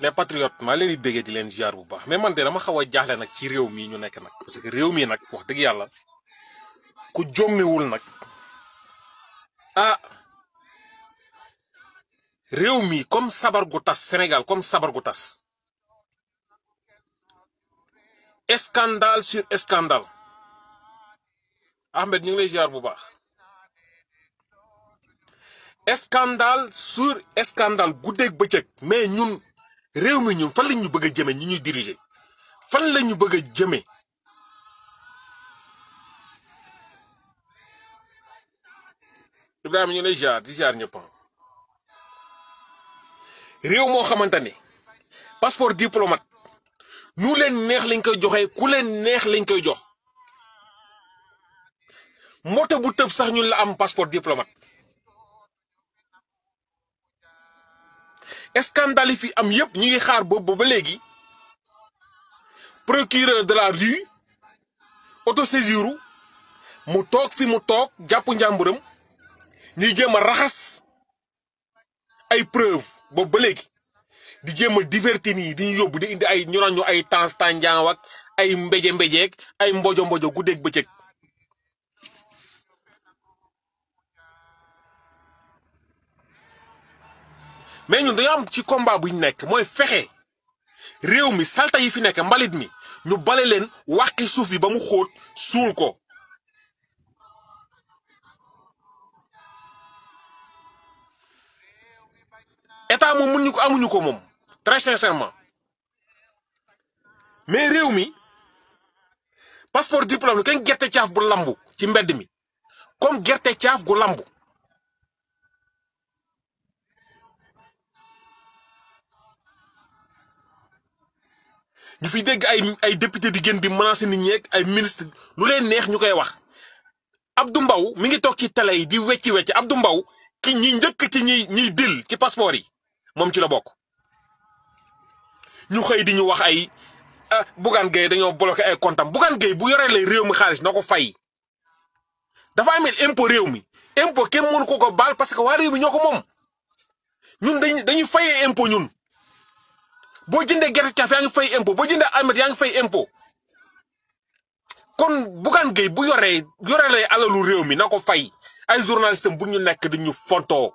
les patriotes maa leen di béggee di leen jaar bu baax mais man de dama xaw a jaaxle nag ci réew mii ñu nekk nag parce que réew mii nag wax dëgg yàlla ku jommiwul nag ah réew mii comme sabar gu tas Sénégal comme sabar gu tas scandale sur scandale Ahmed ñu ngi lay jaar bu baax scandale sur scandale guddeeg bëccëg mais ñun réew mi ñun fan lañ ñu bëgg a jëme ñi ñuy diriger fan la ñu bëgg a jëme Ibrahima ñu lay jaar di jaar ñëpp réew moo xamante ne passeport diplomate ñu leen neex lañ koy joxe ku leen neex lañ koy jox moto bu tëb sax ñun la am passeport diplomate escandale fi am yep ñi ngi xaar bo ba léegi procureur de la rue autosaisir mu tok fi mu tok japp njamburam ñi jéem raxas ay preuve bo ba di jéem divertir ni di ñu yóbbu di indi ay ñu ñu ay temps tànjaaw wak ay mbeje mbéjeeg ay mbojo mbojo gudeek mais ñun dañoo am ci combat bu ñu nekk mooy fexe réew mi salta yi fi nekk mbalit mi ñu bale leen wàqi suuf yi ba mu xóot suul ko état moom mun ñu ko amuñu ko moom très sincèrement mais réew mi passeport diplôme kenn gerte caaf bu lambu ci mbedd mi comme gerte caaf gu lambu ñu fiy dégg ay ay député di génn di menacer nit ñi ay ministre lu leen neex ñu koy wax Abdou mbaw mi ngi toog ci télé yi di wecci wecci Abdou mbaw ki ñi njëkk ci ñi ñiy dil ci passeport yi moom ci la bokk ñu xëy di ñu wax ay ah Bougane Gueye dañoo bloqué ay comptam Bougane Gueye bu yoree lay réew mi xaalis na ko fay dafa amel impôt réew mi impôt kenn mënu ko ko baal parce que waa réew mi ñoo ko moom ñun dañ dañuy faye impôt ñun bo jinde gerte caaf yaa ngi fay impôt bo jinde almet yaa ngi fay impôt kon bukan gay, bu yoree yorelee alalu réew mi na fay ay journaliste bu ñu nek di ñu fontoo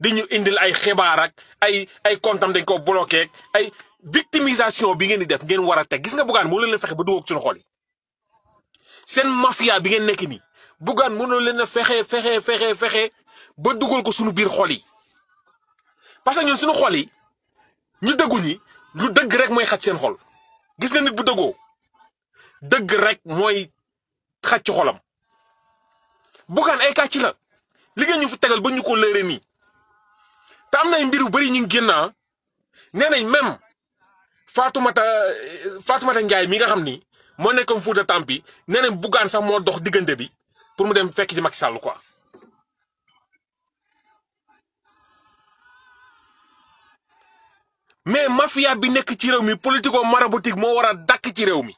di ñu indil ay xibaar ak ay ay comptam dañ ko bloqué ay victimisation bi ngeen di def ngeen wara tek gis nga Bougane mo leen leen ba duwok ci suñu xol yi mafia bi ngeen nekk nii Bougane mo leen a fexé fexé fexé fexe ba duggal ko suñu bir xol yi parce que ñun suñu xol yi ñu dëggu ñi lu dëgg rek mooy xaj seen xol gis nga nit bu dëggoo dëgg rek mooy xaj ci xolam ay kàcc la li ñu fi tegal ba ñu ko léere nii te am ay mbir yu bëri ñu ngi génn ah. nee nañ même Fatoumata Fatoumata Ndiaye mi nga xam ni moo nekkoon Fouta Tampi nee nañ bugaan sax moo dox diggante bi pour mu dem fekk ci Macky quoi. mais mafia bi nekk ci réew mi politico maraboutique moo war a dàkk ci réew mi.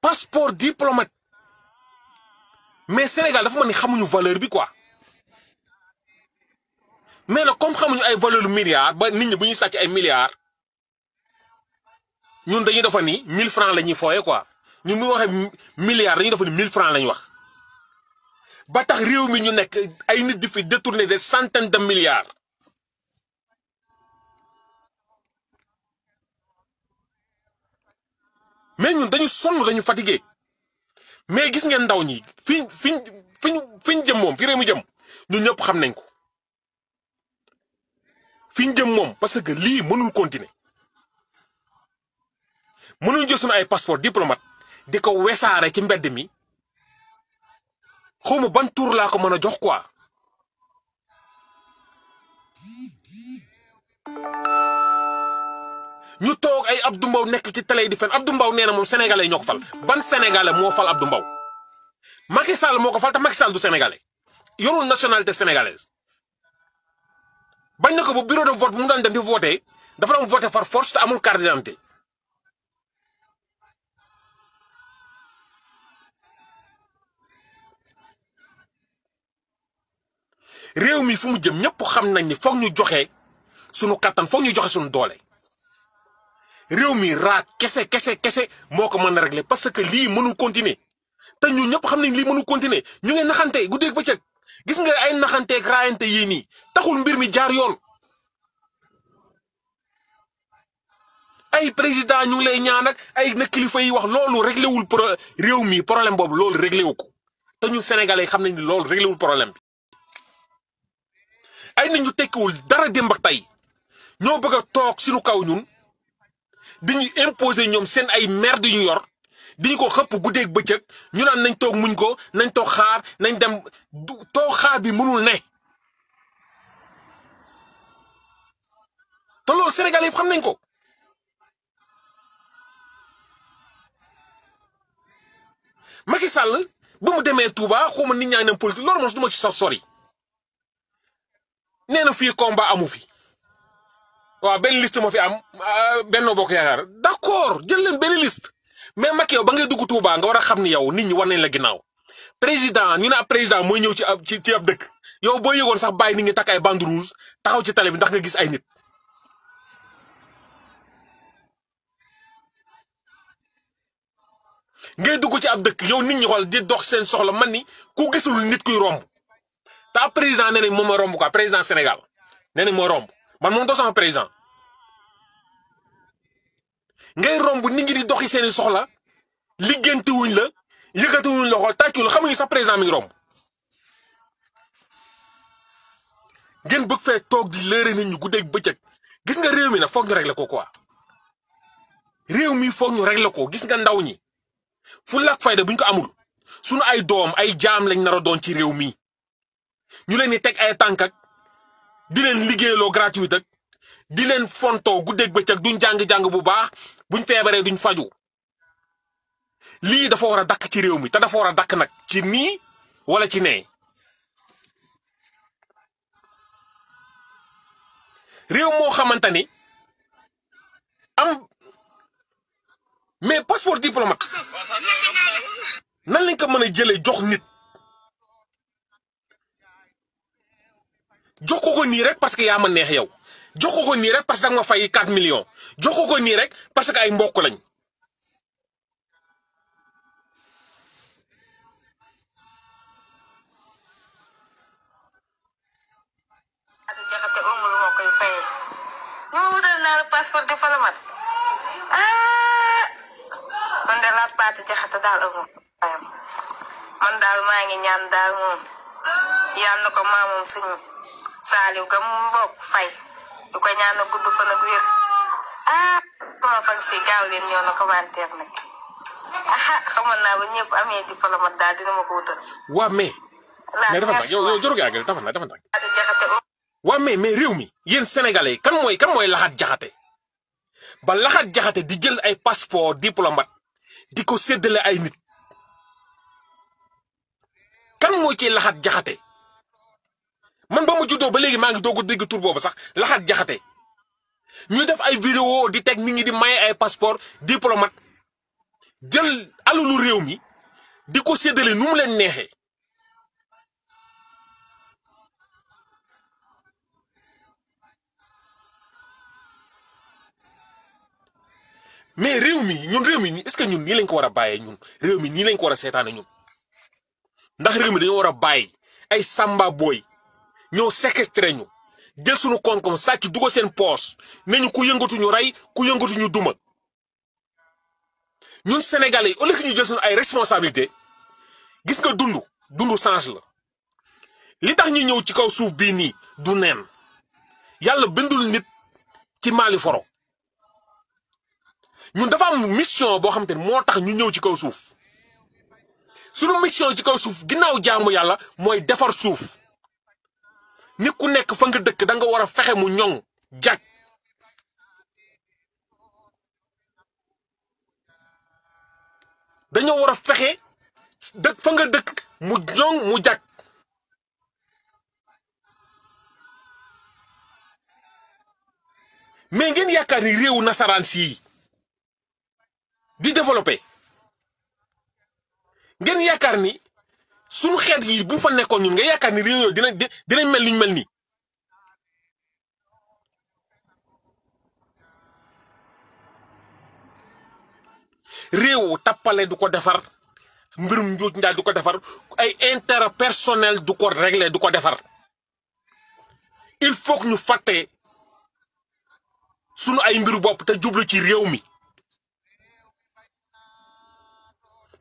passeport diplomate mais Sénégal dafa mel ni xamuñu valeur bi quoi mais na comme xamuñu ay valeur milliard ba nit bu ñuy sàcc ay milliards ñun dañu defa ni mille francs la ñuy fooye quoi ñun bu ñu waxee dañu dañuy defa ni mille francs la ñu wax. ba tax réew mi ñu nekk ay nit di de détourner des centaines de milliards mais ñun dañu sonn dañu fatigué mais gis ngeen ndaw ñi fi fi fiñ fi ñu jëm moom fi réew mi jëm ñun ñëpp xam nañ ko fi ñu jëm moom parce que lii mënul continuer mënul jël sunu ay passeport diplomate di ko wesaare ci mbedd mi xawma ban tur laa ko mën a jox quoi ñu toog ay du Mbow nekk ci télé di fen Abdou Mbow nee na moom sénégalais ñoo ko fal ban sénégalais moo fal Abdou Mbow Macky Sall moo ko fal te Macky Sall du sénégalais yorul nationalité sénégalaise bañ na ko bu bureau de vote mu daan dem di voté dafa doon voté far force te amul carte d'identité réew mi fu mu jëm ñëpp xam nañ ni foog ñu joxe sunu kattan foog ñu joxe sunu doole réew mii raa kese kese kese moo ko mën a régler parce que lii mënul continuer te ñu ñëpp xam nañ lii mënul continuer ñu ngi naxante guddeeg bëccëg gis nga ay naxanteeg raayante yii nii taxul mbir mi jaar yoon. ay président ñu ngi lay ñaan ay na kilifa yi wax loolu réglé wul réew mii problème boobu loolu réglé wu ko te ñu sénégalais xam nañ ni loolu réglé wul problème bi ay nit ñu tekkiwul dara démb ak tey ñoo bëgg a toog suñu kaw ñun diñu imposer ñoom seen ay merde yu ñu yor diñu ko xëpp guddeeg bëccëg ñu naan nañ toog muñ ko nañ toog xaar nañ dem toog xaar bi mënul ne. te loolu Sénégal yëpp xam nañ ko. maki Sall ba mu demee Touba xaw ma nit ñaa ngi dem politique loolu moom du ma ci sax sori. nee na fii combat amu fi waaw benn liste moo fi am euh, Benno Bokk Yaakaar d'accord jël leen benn liste mais Macky yow ba ngay dugg Touba nga war a xam ni yow nit ñi war nañ la ginnaaw président ñu ne ab président mooy ñëw ci ab ci ci dëkk yow boo yëgoon sax bàyyi nit ñi takk ay bande rouge taxaw ci tali bi ndax nga gis ay nit. ngay dugg ci ab dëkk yow nit ñi xool di dox seen soxla man ni ku gisul nit kuy romb. ta président nee nañ moom ma romb quoi président Sénégal nee nañ moo romb man moom doo sama président ngay romb nit ngi di doxi seeni soxla liggéenti wuñ la yëkkati wuñ la xool tàccu la xamuñu sax mi ngi romb ngeen bëgg fee toog di leere ñu gu guddeeg bëccëg gis nga réew mi nag foog ñu régler ko quoi réew mi foog ñu régler ko gis nga ndaw ñi fu lak fayda buñ ko amul sunu ay doom ay jaam lañ nar a doon ci réew mi ñu leen ni tek ay tank ak di leen liggéeyloo gratuit ak di leen fontoo guddeeg bëccëg duñ jang jang bu baax buñ fébaré duñ faju li dafa wara a ci réew mi ta dafa wara a nak ci ni wala ci né réew mo xamantani am mais passeport diplomate nan lañ ko mëna a jox nit jox ko ko rek parce que ya ma neex yow jox ko ko rek parce que nga fay 4 millions jox ko ko rek parce que ay mbokk lañ. passeport ah! man de laat ngi ñaan daal moom yàlla ko maamoom suñu saaliw ga mu fay du ko ñaanal gudd fan ak wér ah sama fan si gaaw leen ñëw na commentaire nag ah naa ba ñëpp amee diplôme daal dina ma ko wutal. waa dafa tànk yow yow jëru nga àggale dafa na dafa tànk. waa mais réew mi yéen sénégalais kan mooy kan mooy laxaat jaxate ba laxaat jaxate di jël ay passeport diplomate di ko séddale ay nit kan moo ciy laxaat jaxate. man ba mu juddoo ba léegi maa ngi doog a tur boobu sax laxaat jaxate ñu def ay vidéo di teg nit ñi di maye ay passeport diplomate jël alalu réew mi di ko séddale nu mu leen neexee. mais réew mi ñun réew mi est-ce que ñun nii lañ ko war a bàyyee ñun réew mi nii lañ ko war a ñun ndax réew mi dañoo war a bàyyi ay samba booy ñoo séquestré ñu jël suñu koom-koom sàcc dugal seen poos ne ñu ku yëngatu rey ku yëngatu duma ñun Sénégalais yi au ñu jël suñu ay responsabilité gis nga dund dund change la li tax ñu ñëw ci kaw suuf bii nii du neen yàlla bindul nit ci maali foro ñun dafa am mission boo xam te moo tax ñu ñëw ci kaw suuf sunu mission ci kaw suuf ginnaaw jaamu yàlla mooy defar suuf ni ku nekk fa nga dëkk da nga war a fexe mu ñoŋ jag dañoo war a fexe dëkk fa nga dëkk mu ñoŋ mu jag mais ngeen yaakaar ni réewu nasaraan sii di développé ngeen yaakaar ni suñu xeet yii bu fa nekkoon ñun nga yaakaar ni réew yooyu dinañ dinañ mel ni ñu mel nii. réew tappale du ko defar mbirum njuuj njaaj du ko defar ay intérêt personnel du ko régler du ko defar il faut que ñu fàtte sunu ay mbiru bopp te jublu ci réew mi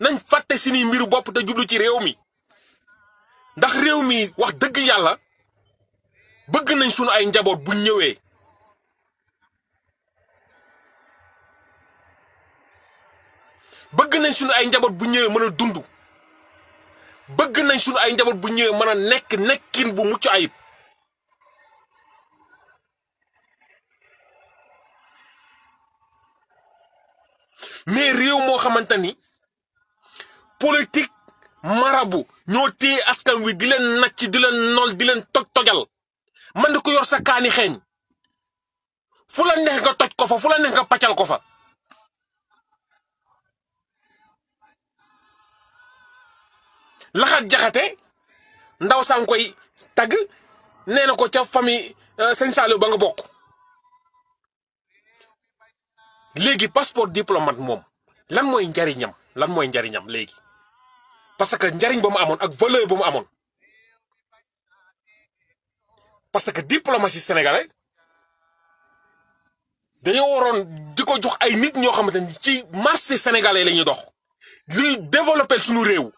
nañ fàtte suñuy mbiru bopp te jublu ci réew mi ndax réew mi wax dëgg yàlla bëgg nañ sunu ay njaboot bu ñëwee bëgg nañ sunu ay njaboot bu ñëwee mën a dund bëgg nañ sunu ay njaboot bu ñëwee mën a nekk nekkin bu mucc ayib mais réew moo xamante ni marabu ñoo téye askan wi di leen nacc di leen nol di leen toj tojal man di ko yor sa kaani xeeñ fu la neex nga toj ko fa fu la neex nga pàccal ko fa laxat jaxate ndaw sang koy tag nee ko ca famille euh, ba nga bokk léegi passeport diplomate moom lan mooy njariñam lan mooy njariñam léegi parce que njariñ ba mu amoon ak valeur ba mu amoon parce que diplomatie sénégalais dañoo waroon di ko jox ay nit ñoo xamante ni ci marché sénégalais la ñuy dox luy développer suñu réew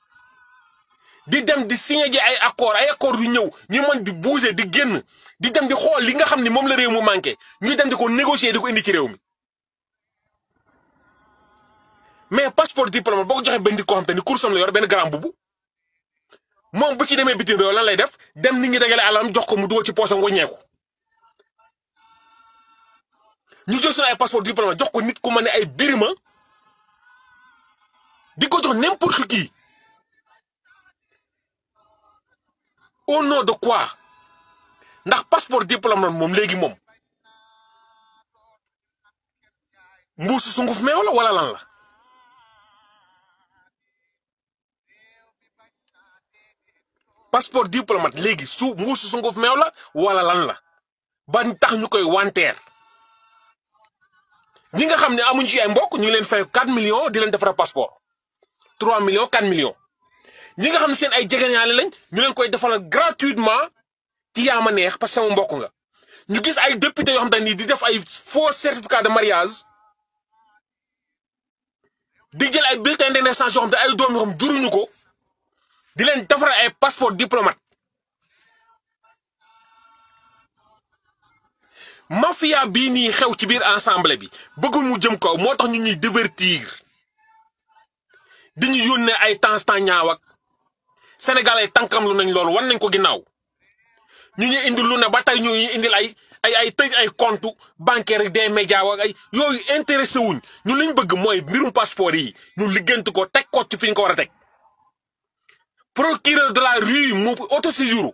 di dem di signé ji ay accord ay accord yu ñëw ñu mën di bouger di génn di dem di xool li nga xam ni moom la réew mu manqué ñu dem di ko négocier di ko indi ci réew mi mais passeport diplôme boko joxe ben di ko xamanteni te course am la yor ben grand bubu mom bu ci demee bitim réew lan lay def dem nit ñi dagale alalam jox ko mu dugal ci poosam ñéku ñu jox sunu ay passeport diplôme jox ko nit ku ma ay birima di jox n'importe qui au nom de quoi ndax passeport diplôme mom légui mom. mbusu sunguf meew wala lan la passeport diplomate léegi su mbuusu sunguf meew la wala lan la ba tax ñu koy wanteer ñi nga xam ne amuñ ci ay mbokk ñu ngi leen fay 4 millions di leen defara passeport 3 millions 4 millions ñi nga xam ne seen ay jegeñaale lañ ñu leen koy defaral gratuitement ci yaama neex parce que sama mbokk nga ñu gis ay député yoo xam te nii di def ay faux certificat de mariage di jël ay bulletin de naissance yoo xam te ay doom yoo xam juruñu ko di leen defaral ay passeport diplomate mafia bii nii xew ci biir ensemble bi bëggu mu jëm kaw moo tax ñu ñuy divertir di ñu yónnee ay temps temps ñaaw ak Sénégal ay tànkam lu nañ loolu war nañ ko ginnaaw ñu ñu indi lu ne ba tey ñu ñu indil ay ay ay tëj ay compte bancaire de médias ak ay yooyu intéressé wuñ ñu liñ bëgg mooy mbirum passeport yi ñu liggéeyante ko teg ko ci fi ñu ko war a teg. procureur de la rue mo auto séjour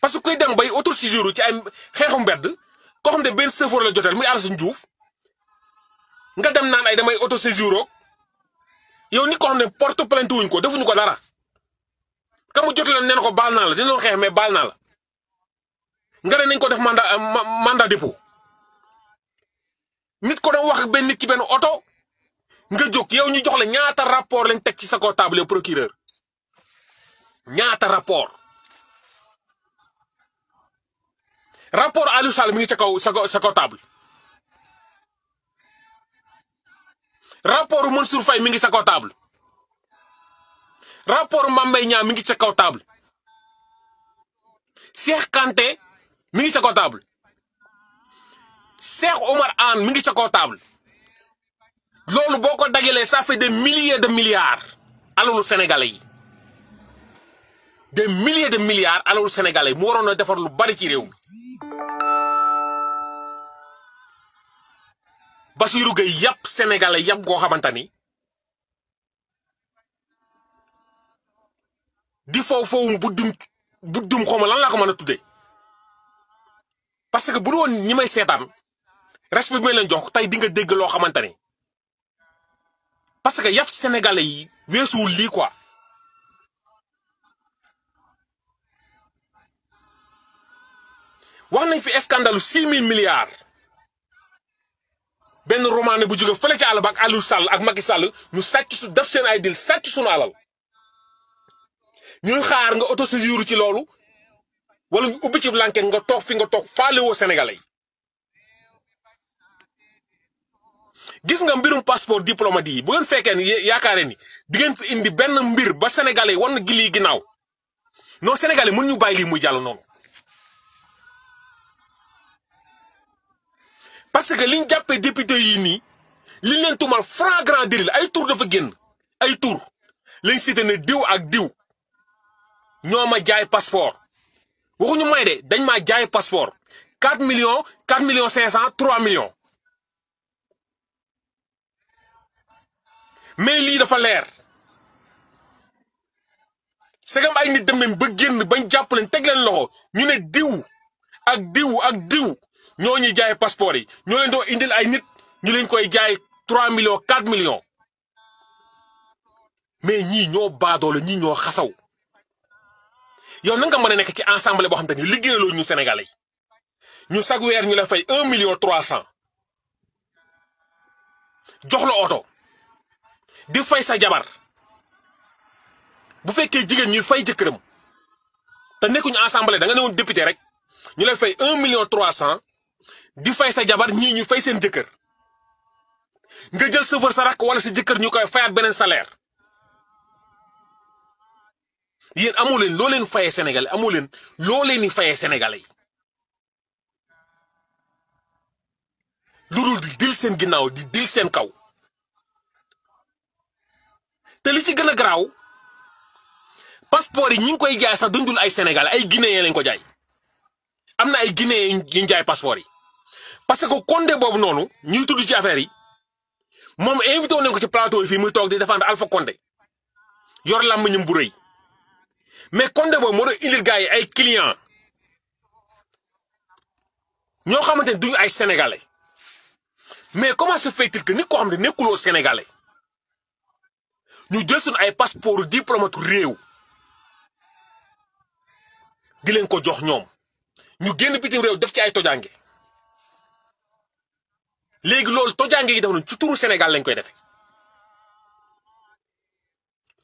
parce que dem bay auto séjour ci ay xexum bedd ko xamne ben chauffeur la joteel muy Alassane Diouf nga dem nan ay damay auto-saisiru yow ni ko xamne porte plainte wuñ ko defuñ ko dara kamu mu jot ko balna la dina xex mais balna la nga ne nañ ko def mandat euh, mandat dépôt nit ko doon wax ben nit ci ben auto nga yow ñu jox la ñaata rapport lañ tek ci sa ko table procureur ñaata rapport rapport alu Sall mi ngi sa kaw sa ko sa table rapport mon surfay mi ngi sa ko table rapport mambay ñaa mi ngi sa kaw table Cheikh Kanté mi ngi sa ko table Cheikh Omar an mi ngi sa ko table lolu boko ko ça fait des milliers de milliards alu sénégalais yi des milliers de milliards alalu sénégalais mo waroon a defar lu bari ci réew mi gay yap sénégalais yap go xamantani di fofo foofu buddum buddum xoma lan la ko meuna tuddé parce que budu won woon ñi may seetaan respect bi may leen jox tay di nga dégg lo xamantani parce que yap sénégalais yi wessou li quoi. wax nañ fi scandale 6000 milliards ben romané bu jóge fële ci àll ba ak Aliou Sall ak Macky Sall ñu sàcc su def seen ay dil sàcc suñu alal ñu xaar nga séjour ci lolu wala ñu ubbi ci blanquette nga tok fi nga tok faale wo Sénégalais gis nga mbirum passeport diplomate bu ngeen ni yaakaare ni di ngeen fi indi ben mbir ba Sénégalais won gili ginaaw non Sénégalais mënu ñu bay li muy jall parce que liñ jàppee député yii nii liñ leen tuumal flagrant grand ay tour dafa génn ay tour, lañ cité ne diw ak diw ñoo ma jaay passeport waxuñu may de dañ maa jaay passeport 4 millions 4 millions 500 3 millions. mais lii dafa leer segam ay nit dem nañ ba génn bañ jàpp leen teg leen loxo ñu ne diw ak diw ak diw ñoo ñuy jaay passeport yi ñoo leen doo indil ay nit ñu leen koy jaay 3 millions 4 millions mais ñii ñoo baadoole ñii ñoo xasaw yow na nga mën a nekk ci ensemble boo xam te ni liggéeyaloo ñu Sénégalais ñu sag weer ñu la fay 1 million 300 jox la oto di fay sa jabar bu fekkee jigéen ñuy fay jëkkëram te nekkuñu ensemble da nga ne woon rek ñu la fay 1 million 300 di fay sa jabar ñii ñu fay seen jëkkër nga jël chauffeur sa rakk wala si jëkkër ñu koy fayaat beneen saleer yéen amuleen leen loo leen fayee sénégalais amoo leen loo fayee sénégalais yi lu dul dil seen ginnaaw di dil seen kaw te li ci gën a garaaw passeport yi ñi koy jaay sa dundul ay sénégalais ay guinéen lañ ko jaay am na ay guinéen yi ñu jaay passeport yi parce que Condé boobu noonu ñuy tudd ci affaire yi moom invité woon nañu ko ci plateau yi fii muy toog di défendre Alpha Condé yor làmmiñam bu rëy mais Condé boobu moo doon indil gars yi ay client ñoo xamante ne duñu ay sénégalais mais comment se fait-il que nit koo xam ne nekkuloo senegale ñu jël suñu ay passeport diplomate réew di leen ko jox ñoom ñu génn bitim réew def ci ay tojange. léegi loolu tojaange yi def noonu ci turu Sénégal lañ koy defee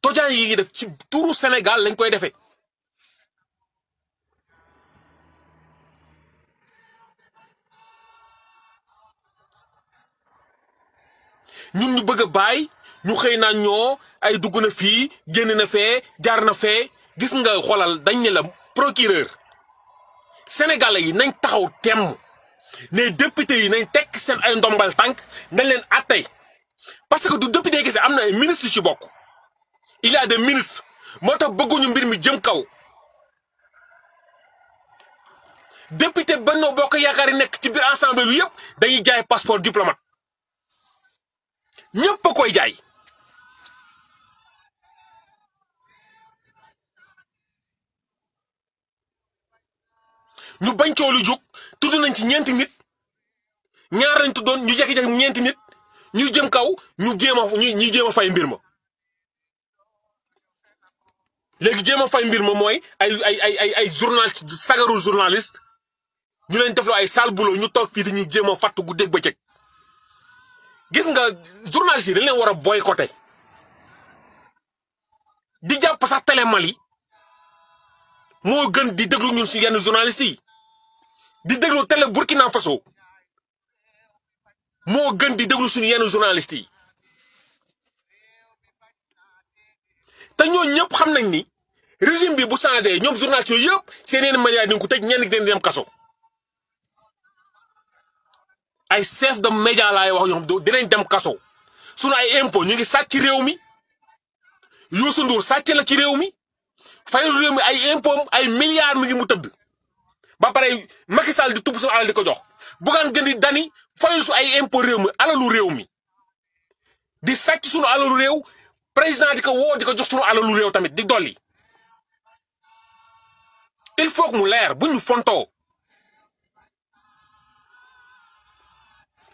tojaange yi def ci turu Sénégal lañ koy defee ñun ñu bëgg a bàyyi ñu xëy na ñoo ay dugg na fii génn na fee jaar na fee gis nga xoolal dañ ne la procureur sénégalais yi nañ taxaw temm les députés, yi nañ ay ndombal tank, dañ les parce que du député kese amna ministre ci il y a des ministres moo bëgguñu mbir mi jëm kaw député banno Bokk ils ci ensemble bi yépp dañuy jaay passeport diplomate a koy jaay nous bañ lu tudd nañ ci ñeenti nit ñaar lañ tuddoon ñu jekki-jekki ñeenti nit ñu jëm kaw ñu jéem a ñu jéem a fay mbir ma léegi jéem a fay mbir ma mooy ay ay ay ay ay journal sagaru journaliste ñu leen defloo ay sal boulot ñu toog fii di ñu jéem a fàttu gu dégg bëccëg gis nga journaliste yi dañ leen war a boycotté di jàpp sax télé Mali moo gën di déglu ñun si yenn journaliste yi di déglu télé Burkina Faso moo gën di déglu suñu yenn journalistes yi te ñooñu ñëpp xam nañ ni régime bi bu changé ñoom journalistes yooyu yëpp seen yenn médias dañ ko tëj ñenn dañ dem kaso. ay chef de média laay wax ñoom dinañ dem kaso suñu ay impôt ñu ngi sàcc réew mi Youssou Ndour sàcc la ci réew mi fayul réew mi ay impôt ay milliards mi ngi mu tëdd. ba pare Macky Sall di tubb suñu alal di ko jox Bougane Gueye Dany fayul su ay impo réew mi alalu réew mi di sàcc suñu alalu réew président di ko woo di ko jox suñu lu réew tamit di dolli il faut mu leer bu ñu fontoo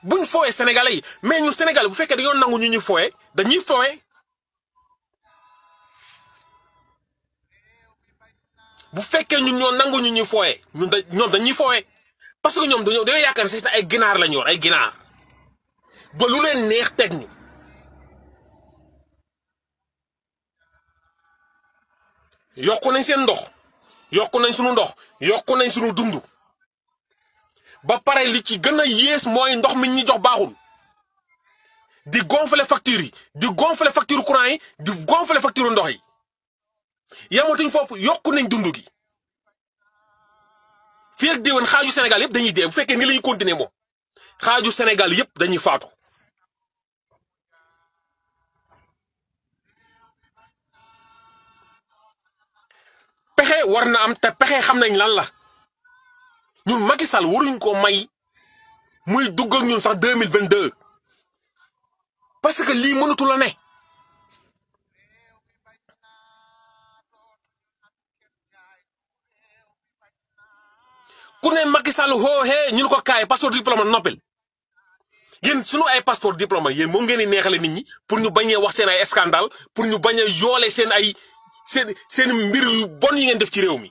bu ñu fowee sénégalais mais ñu sénégalais bu fekkee dañoo nangu ñu ñuy fowee dañuy fowee bu fekkee ñun ñoo nangu ñu ñuy fooyee ñun da ñoom dañuy fooyee parce que ñoom dañoo dañoo yaakaar ne sax ay ginaar lañu yor ay ginaar ba lu leen neex teg ñu yokku nañ seen ndox yokku nañ sunu ndox yokku nañ sunu dund ba pare li ci gën a yées mooy ndox mi ñu jox baaxul di gonfler facture yi di gonfler facture courant yi di gonfler facture ndox yi yamatuñ foofu yokku nañ dundu gi fii ak déwén xaaju senegal yëpp dañuy dee bu fekkee ni la ñuy continuer moom xaaju senegal yëpp dañuy faatu. pexe war na am te pexe xam nañ lan la ñun Macky Sall waruñ ko may muy dugg ak ñun sax deux mille vingt deux parce que lii mënatu la ne. ku ne Macky Sall hoo hee ñu ne ko kaay passeport diplôme noppil yéen sunu ay passeport diplôme yéen moom ngeen di neexale nit ñi pour ñu bañee wax seen ay scandale pour ñu bañ a yoole seen ay seen seen mbir yu bon yi ngeen def ci réew mi.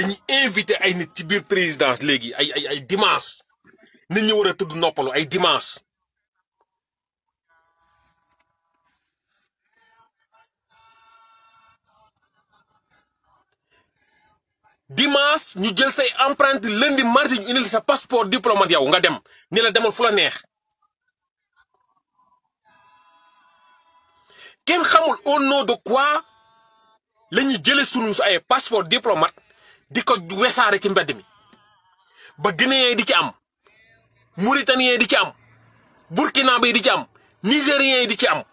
dañuy invité ay nit ci biir présidence léegi ay ay ay dimanche nit ñi war a tudd noppalu ay dimanche dimanche ñu jël say empreinte lundi mardi ñu indil sa passeport diplomate yow nga dem ni la demal fu la neex kenn xamul au nom de quoi la ñuy jële sunu su ay passeport diplomate diko ko wesaare ci mbedd mi ba Guinéen di ci am Mauritanien di ci am Burkinabé yi di ci am Nigérien yi di ci am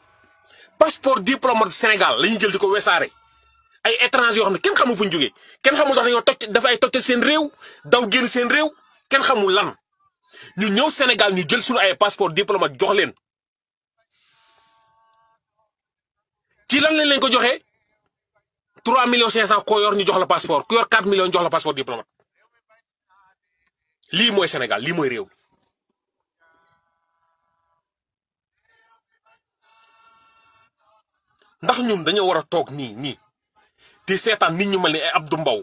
passeport diplomate Sénégal la ñuy jël di ko wesaare ay étrangers yoo xam ne kenn xamul fu ñu kenn xamul sax dañoo toj dafa ay toj seen réew daw génn seen réew kenn xamul lan ñu ñëw Sénégal ñu jël suñu ay passeport diplomate jox leen ci lan lañ leen ko joxee 3 millions 500 ko yor ñu jox la passeport ku yor 4 millions jox la passeport diplomate li moy Sénégal li moy réew ndax ñun dañu wara tok ni ni nii te nit ñu melni ni ay Abdou mbaw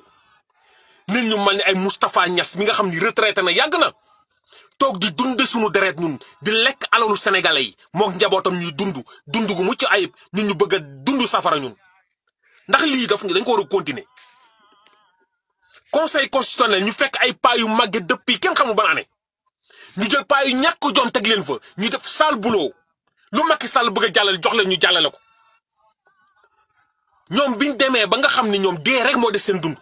nit ñu melni ay mustapha Niass mi nga xamni retraité na yag na tok di dund suñu deret ñun di lek alalu sénégalais mok njabotam ñu ñuy dund dund gu mucc ayib nit ñu bëgg dundu safara ñun ndax li daf dañ ko wara a continuer conseil constitutionnel ñu fekk ay pa yu màgge depuis kenn xamu banane ñu jël pa yu ñàkk jom tegg leen fa ñu def sal bulo lu makki sal bëgg a jox leen ñu jallal ko ñom biñ démé ba nga xamni ñom dé rek mo def seen dund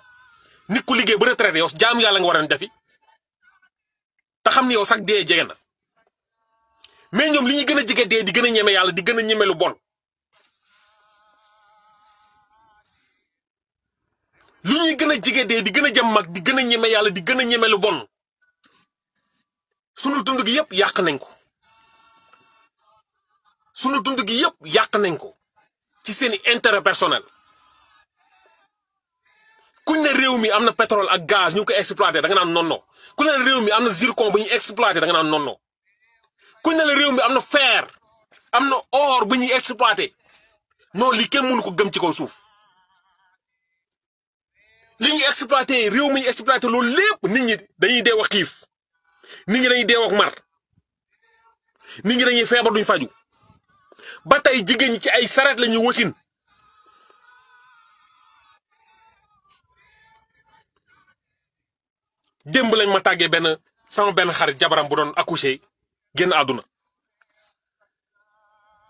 nit ku liggéey ba retraité yow jaam yalla nga war a defi ta xamni yow sax dé jege na mais ñom li ñi gëna a dé di gëna a yalla di gëna a lu bon lu ñuy gën a jege dee di gën a jëm mag di gën a ñeme yàlla di gën a ñeme lu bon sunu dund gi yëpp yàq nañ ko sunu dund gi yëpp yàq nañ ko ci seen intérêt personnel kuñ ne réew mi am na pétrole ak gaz ñu ko exploité danga nga naan non non réew mi am na zircon bu ñuy exploité da nga naan non non ne réew mi am na fer am na or bu ñuy exploité non li kenn mënu ko gëm ci kaw suuf. li ñuy exploité réew mi ñu exploité loolu lépp ni ñi dañuy dee wax xiif ni ñi dañuy dee wax mar nit ñi dañuy feebar duñ faju ba tey jigéen ñi ci ay saret la ñuy wasin démb lañ ma tàggee benn sama benn xarit jabaram bu doon accoucher génn àdduna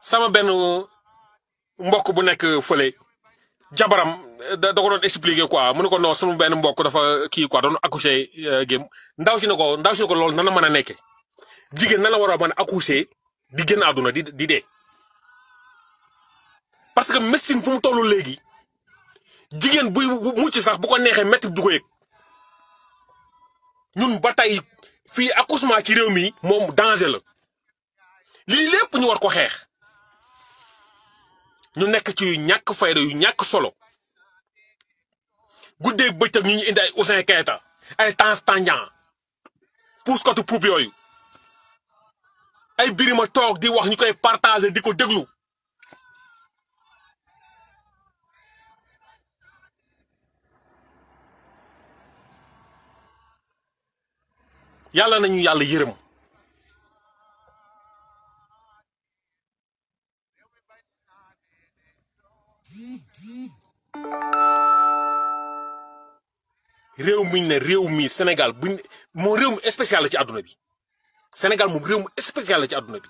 sama benn mbokk bu nekk fële jabaram da ko don expliquer quoi mu ne ko non sunu ben mbok dafa ki quoi don accoucher euh, game ndaw ci nako ndaw ci nako lol nana nan la jigen nana wara man accoucher di génn aduna di di de parce que médecine fu mu toll léegi jigéen buy mucc sax bu ko neexee metti du ko yek ñun ba tey fii accouchement ci rew mi mom danger la li lepp ñu war ko xex ñu nekk ci yu ñàkk fayda yu ñàkk solo guddeeg bëccëg ñu ñu indi ay Ouzin Keita ay Tange Tandian puuskatu puub yooyu ay birima toog di wax ñu koy partager di ko déglu yàlla nañu yàlla yërëm réew mi ne réew mii Sénégal mu réew mi spécial la ci àdduna bi Sénégal mu réew mi spécial la ci àdduna bi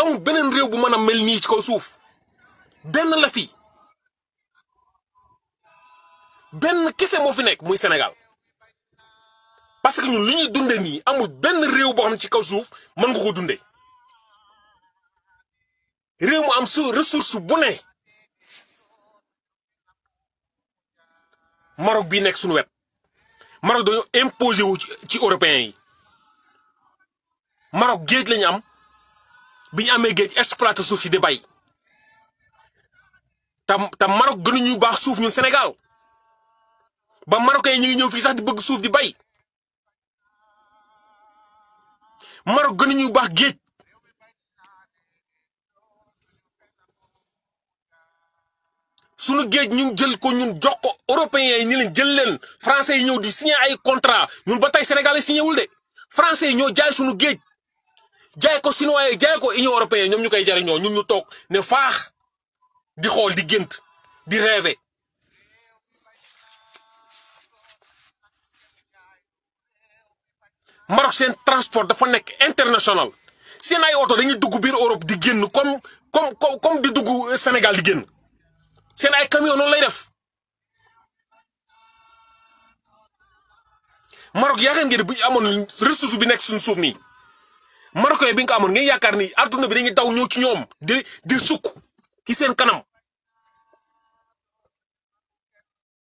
amul beneen réew bu mën a mel nii ci kaw suuf benn la benn kese moo fi nekk muy Sénégal parce que ñun li dundee nii amul benn réew boo xam ne ci kaw suuf mën nga ko dundee réew mu am su ressource bu ne Maroc bi nek suñu wet Maroc dañu imposé wu ci européen yi Maroc géej lañ am biñ amé amee exploiter souf ci débay tam tam Maroc gënu ñu bax souf ñu Sénégal ba marocains yi ñu ñëw fi sax di bëgg souf di bay Maroc gënu ñu bax géej. suñu geej ñu jël ko ñun jox ko européen yi ñu leen jël leen français yi ñëw di signer ay contrat ñun ba tey sénégalais signé wul de français yi ñoo jaay suñu geej jaay ko sino ay jaay ko union européenne ñom ñu koy ñoo ñun ñu tok né faax di xol di gënt di rêver Maroc seen transport dafa nek international seen ay auto dañuy dugg biir Europe di génn comme comme comme di dugg Sénégal di génn. seen ay camion noonu lay def Maroc yaakaar ngeen bu amoon ressource bi nekk suñu suuf nii Maroc yooyu bi nga ko amoon yaakaar ni adduna bi dañuy daw ñëw ci ñoom di di sukk ci seen kanam